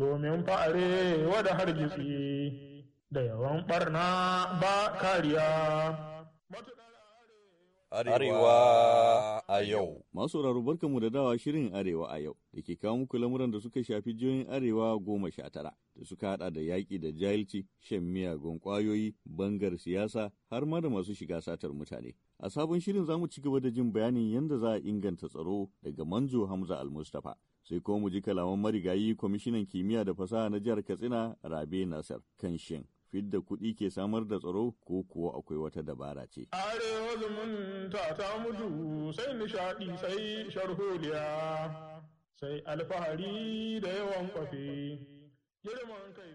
domin fa'are wada hargitsi da yawan ɓarna ba kariya. Arewa a yau. Masu barkanmu da dawa shirin Arewa a yau da ke kawo muku lamuran da suka shafi jiyoyin Arewa goma sha tara da suka hada da yaƙi da jahilci, shan miyagun ƙwayoyi, bangar siyasa har ma da masu shiga satar mutane. A sabon shirin za mu ci gaba da jin bayanin yadda za a inganta tsaro daga Manjo Hamza Al-Mustapha. sai ko mu ji kalaman marigayi kwamishinan kimiyya da fasaha na jihar katsina rabe nasar kan shin fidda kuɗi ke samar da tsaro ko kuwa akwai wata dabara ce. arewa zumunta ta mutu sai nishaɗi sai sharholiya sai alfahari da yawan kwafe.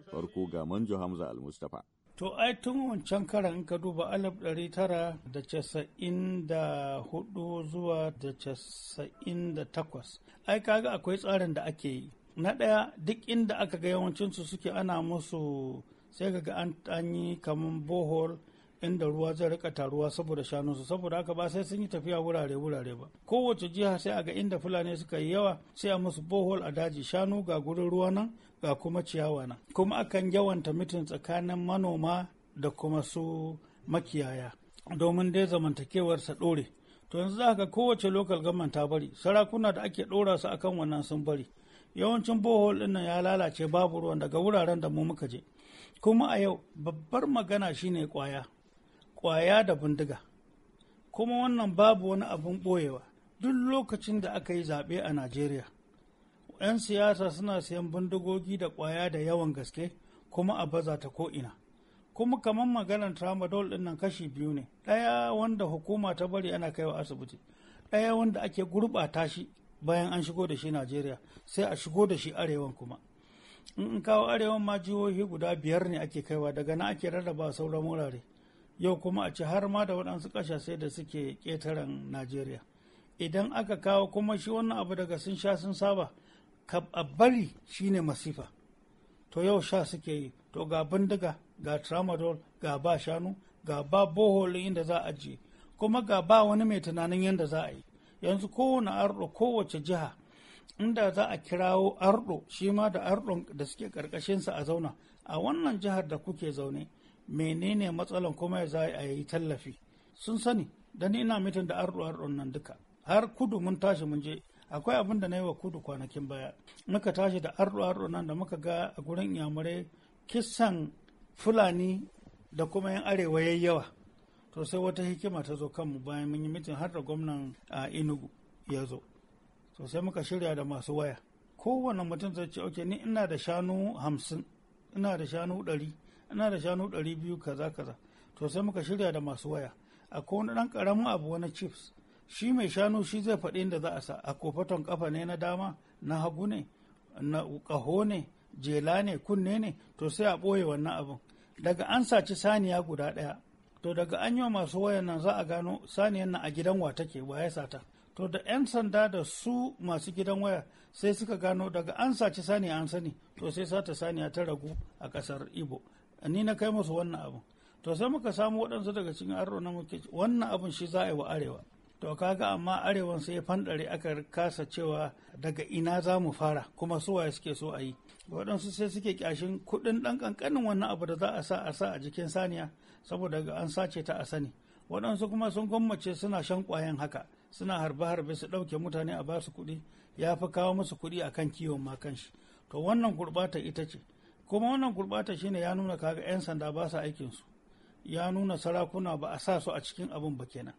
Farko ga Manjo Hamza Al-Mustapha To ai tun wancan karan in ka duba alif ɗari tara da casa'in da hudu zuwa da casa'in da takwas. Ai kaga akwai tsarin da ake yi. Na ɗaya duk inda aka ga yawancinsu suke ana musu sai ga an yi kamar bohol inda ruwa zai rika taruwa saboda shanunsu saboda haka ba sai sun yi tafiya wurare wurare ba kowace jiha sai a ga inda fulani suka yi yawa sai a musu bohol a daji shanu ga gurin ruwa nan ga kuma ciyawa nan kuma akan yawanta mitin tsakanin manoma da kuma su makiyaya domin dai zamantakewar sa dore to yanzu za ka kowace lokal government ta bari sarakuna da ake dora su akan wannan sun bari yawancin bohol ɗin ya lalace babu ruwan daga wuraren da mu muka je kuma a yau babbar magana shine kwaya kwaya da bindiga kuma wannan babu wani abin ɓoyewa duk lokacin da aka yi zaɓe a najeriya 'yan siyasa suna siyan bindigogi da kwaya da yawan gaske kuma a baza ta ko'ina kuma kamar maganar tramadol ɗin nan kashi biyu ne ɗaya wanda hukuma ta bari ana kaiwa asibiti ɗaya wanda ake gurɓata shi bayan an shigo da shi najeriya sai a shigo da shi arewan kuma in kawo arewan ma jihohi guda biyar ne ake kaiwa daga nan ake rarraba sauran wurare yau kuma a ci har ma da waɗansu ƙasashe da suke ƙetaren najeriya idan aka kawo kuma shi wannan abu daga sun sha sun saba ka bari shine masifa to yau sha suke yi to ga bindiga ga tramadol ga ba shanu ga ba boholin inda za a je kuma ga ba wani mai tunanin yadda za a yi yanzu kowane arɗo kowace jiha inda za a kirawo arɗo shi ma da arɗon da suke ƙarƙashinsa a zauna a wannan jihar da kuke zaune menene matsalan kuma za a yi tallafi sun sani da ni ina mitin da arɗo nan duka har kudu mun tashi mun je akwai abin da na yi wa kudu kwanakin baya muka tashi da arɗo arɗo nan da muka ga a gurin yamurai kisan fulani da kuma yan arewa yawa to sai wata hikima ta zo kanmu bayan mun yi mitin har da gwamnan a inugu ya zo to sai muka shirya da masu waya kowane mutum zai ce ok ni ina da shanu hamsin ina da shanu ɗari ina da shanu ɗari biyu kaza kaza to sai muka shirya da masu waya akwai wani ɗan ƙaramin abu wani chips shi mai shanu shi zai faɗi inda za a sa a kofaton kafa ne na dama na hagu ne na ƙaho ne jela ne kunne ne to sai a ɓoye wannan abin daga an saci saniya guda ɗaya to daga an yi masu wayan nan za a gano saniyan nan a gidan wa take wa ya sata to da 'yan sanda da su masu gidan waya sai suka gano daga an saci saniya an sani to sai sata saniya ta ragu a ƙasar ibo ni na kai musu wannan abun to sai muka samu waɗansu daga cikin arro na muke wannan abun shi za a yi wa arewa to kaga amma arewan sai fanɗare aka kasa cewa daga ina za mu fara kuma su waye suke so a yi waɗansu sai suke kyashin kuɗin ɗan ƙanƙanin wannan abu da za a sa a sa a jikin saniya saboda ga an sace ta a sani waɗansu kuma sun gwammace suna shan ƙwayan haka suna harbe-harbe su ɗauke mutane a basu kuɗi ya fi kawo musu kuɗi akan kiwon ma kanshi to wannan gurɓata ita ce kuma wannan gurɓata shine ya nuna kaga 'yan sanda ba sa aikinsu ya nuna sarakuna ba a sa su a cikin abin ba kenan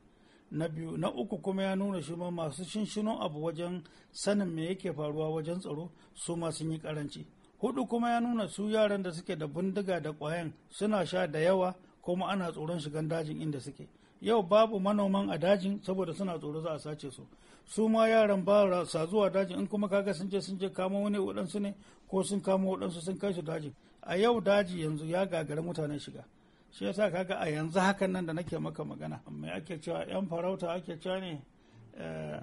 na biyu na uku kuma ya nuna shi ma masu shinshinon abu wajen sanin me yake faruwa wajen tsaro su ma sun yi karanci hudu kuma ya nuna su yaran da suke da bindiga da kwayan suna sha da yawa kuma ana tsoron shigan dajin inda suke yau babu manoman a dajin saboda suna tsoro za a sace su su ma yaran ba sa zuwa daji in kuma kaga sun je sun je kamo wani waɗansu ne ko sun kamo waɗansu sun kai su daji a yau daji yanzu ya gagara mutane shiga shi yasa kaga a yanzu hakan nan da nake maka magana mai ake cewa yan farauta ake cewa ne eh,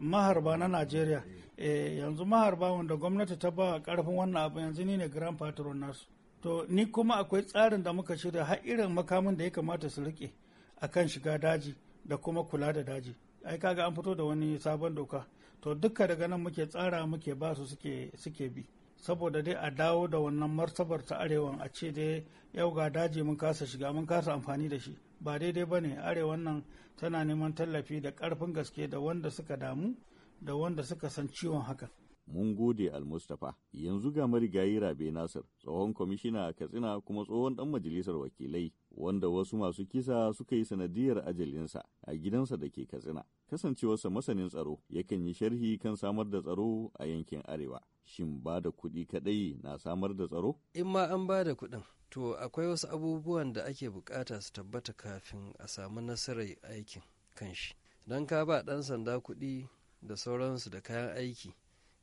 maharba na najeriya eh, yanzu maharba wanda gwamnati ta ba karfin wannan abu yanzu ni ne grand patron nasu to ni kuma akwai tsarin da muka shirya har irin makamin da ya kamata su rike akan shiga daji da kuma kula da daji ai kaga an fito da wani sabon doka to dukka daga nan muke tsara muke ba su suke bi saboda dai a dawo da wannan martabar ta arewan a ce dai yau ga daji mun kasa shiga mun kasa amfani da shi ba daidai ba ne arewan nan tana neman tallafi da karfin gaske da wanda suka damu da wanda suka san ciwon hakan mun gode almustapha yanzu ga marigayi rabe nasir tsohon kwamishina a katsina kuma tsohon dan majalisar wakilai wanda wasu masu kisa suka yi sanadiyar ajalinsa a gidansa da ke katsina kasancewarsa masanin tsaro yakan yi sharhi kan samar da tsaro a yankin arewa shin ba da kuɗi kaɗai na samar da tsaro in ma an ba da kuɗin to akwai wasu abubuwan da ake bukata su tabbata kafin a samu nasarar aikin kanshi don ka ba ɗan sanda kuɗi da sauransu da kayan aiki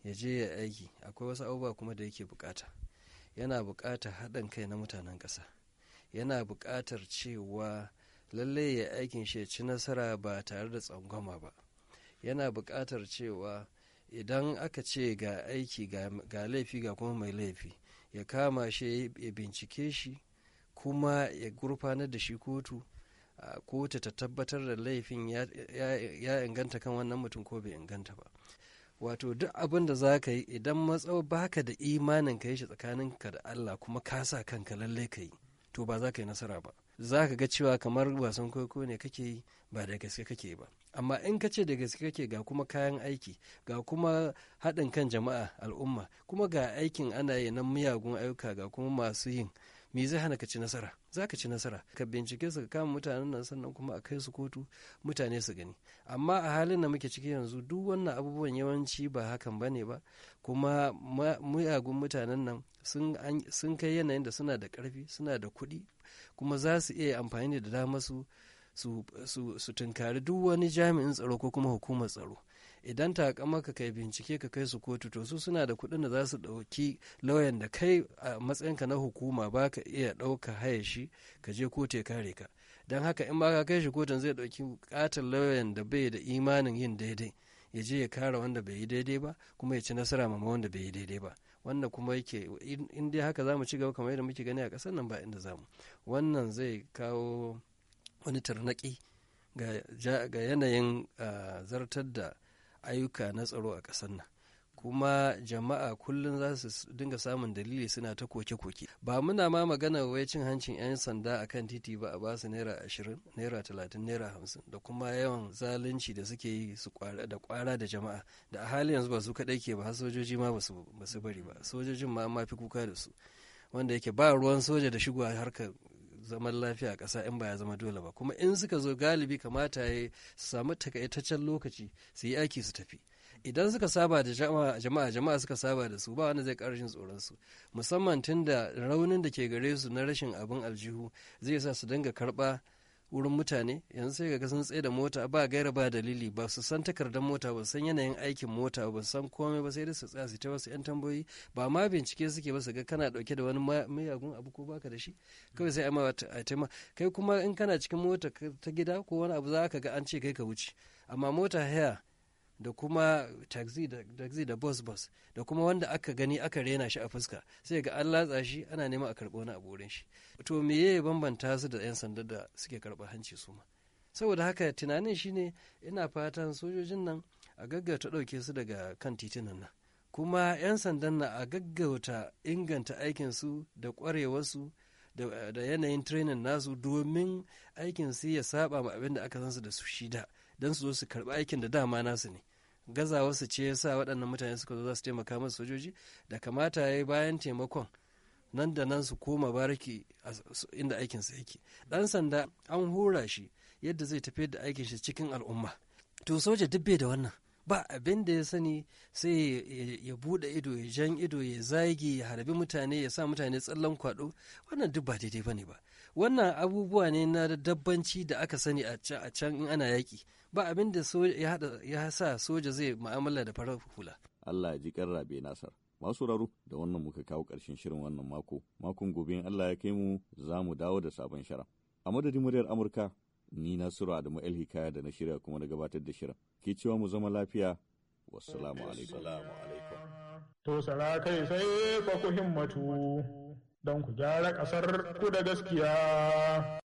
ya je ya aiki akwai wasu abubuwa kuma da yake bukata yana bukatar haɗin kai na mutanen ƙasa yana bukatar cewa lallai ya aikin shi ci nasara ba tare da tsangwama ba yana bukatar cewa idan aka ce ga aiki ga laifi ga kuma mai laifi ya kama shi ya bincike shi kuma ya gurfanar da shi kotu kotu ta tabbatar da laifin ya inganta kan wannan mutum ko bai inganta ba wato duk abin da za ka yi idan ba baka da imanin ka yi shi ka da Allah kuma ka sa kanka lalle ka yi to ba za ka yi nasara ba za ka ga cewa kamar wasan kwaikwayo ne kake yi ba da gaske kake ba amma in ka ce da gaske kake ga kuma kayan aiki ga kuma haɗin kan jama'a al'umma kuma ga aikin ana yi na miyagun ayyuka ga kuma masu yin me zai hana ka ci nasara za ka ci nasara ka bincike su ka kama mutanen nan sannan kuma a kai su kotu mutane su gani amma a halin da muke ciki yanzu duk wannan abubuwan yawanci ba hakan ba ne ba kuma muyagun mutanen nan sun kai yanayin da suna da karfi suna da kuɗi kuma za su iya amfani da damar su su tunkari duk wani jami'in tsaro ko kuma hukumar tsaro idan ta ka kai bincike ka kai su kotu to su suna da kuɗin da za su ɗauki lauyan da kai a matsayinka na hukuma ba ka iya ɗauka haya shi ka je kotu ya kare ka don haka in ba ka kai shi kotun zai ɗauki katin lauyan da bai da imanin yin daidai ya je ya kare wanda bai yi daidai ba kuma ya ci nasara ma wanda bai yi daidai ba wannan kuma yake in dai haka za mu ci gaba kamar yadda muke gani a ƙasar nan ba inda za wannan zai kawo wani tarnaƙi ga yanayin ah, zartar da ayyuka na tsaro a ƙasar nan kuma jama'a kullum za su dinga samun dalili suna ta koke-koke ba muna ma magana wai cin hancin 'yan sanda a kan titi ba a ba su naira ashirin naira talatin naira hamsin da kuma yawan zalunci da suke yi su da kwara da jama'a da a halin yanzu ba su kaɗai ke ba sojoji ma ba su bari ba sojojin ma ma fi kuka da su wanda yake ba ruwan soja da shigo harkar zaman lafiya a ƙasa in ba ya zama dole ba kuma in suka zo galibi kamata ya samu takaitaccen lokaci su yi aiki su tafi idan suka saba da jama'a jama'a suka saba da su ba wanda zai ƙara tsoron su musamman tun da raunin da ke gare su na rashin abin aljihu zai sa su dinga karɓa wurin mutane yanzu sai ga sun tsaye da mota ba gaira ba dalili ba su san takardar mota ba san yanayin aikin mota ba san komai ba sai dai su tsaya su ta wasu yan tambayoyi ba ma bincike suke ba su ga kana dauke da wani mayagun abu ko baka da shi kawai sai amma a taima kai kuma in kana cikin mota ta gida ko wani abu za ka ga an ce kai ka wuce amma mota haya da kuma taxi da, da bus bus da kuma wanda aka gani aka rena shi a fuska sai ga an latsa shi ana nema a karɓo wani a shi to me ya bambanta su da 'yan sanda da suke karɓar hanci su ma saboda haka tunanin shi ne ina fatan sojojin nan a gaggauta ɗauke su daga kan titunan nan kuma 'yan sandan na a gaggauta inganta su da ƙwarewarsu da yanayin training nasu domin aikin su ya saba ma abin da aka san su da su shida don su zo su karɓi aikin da dama nasu ne gazawa su ce ya sa waɗannan mutane suka zo za su taimaka masu sojoji da kamata ya yi bayan taimakon nan da nan su koma baraki inda aikinsa yake ɗan sanda an hura shi yadda zai tafi da aikin shi cikin al'umma to soja duk bai da wannan ba abin da ya sani sai ya buɗe ido ya jan ido ya zagi ya harbi mutane ya sa mutane tsallon kwaɗo wannan duk ba daidai ba ne ba wannan abubuwa ne na dabbanci da aka sani a can in ana yaki ba abin da ya sa soja zai ma'amala da farar hula. Allah ya ji rabe Nasar. Masu raro da wannan muka kawo ƙarshen shirin wannan mako. Makon gobe in Allah ya kai mu za mu dawo da sabon shara. A madadin muryar Amurka ni Nasiru Adamu El Hikaya da na shirya kuma na gabatar da shirin. Ke cewa mu zama lafiya. Wassalamu alaikum. To sala kai sai fa himmatu don ku gyara ƙasar ku da gaskiya.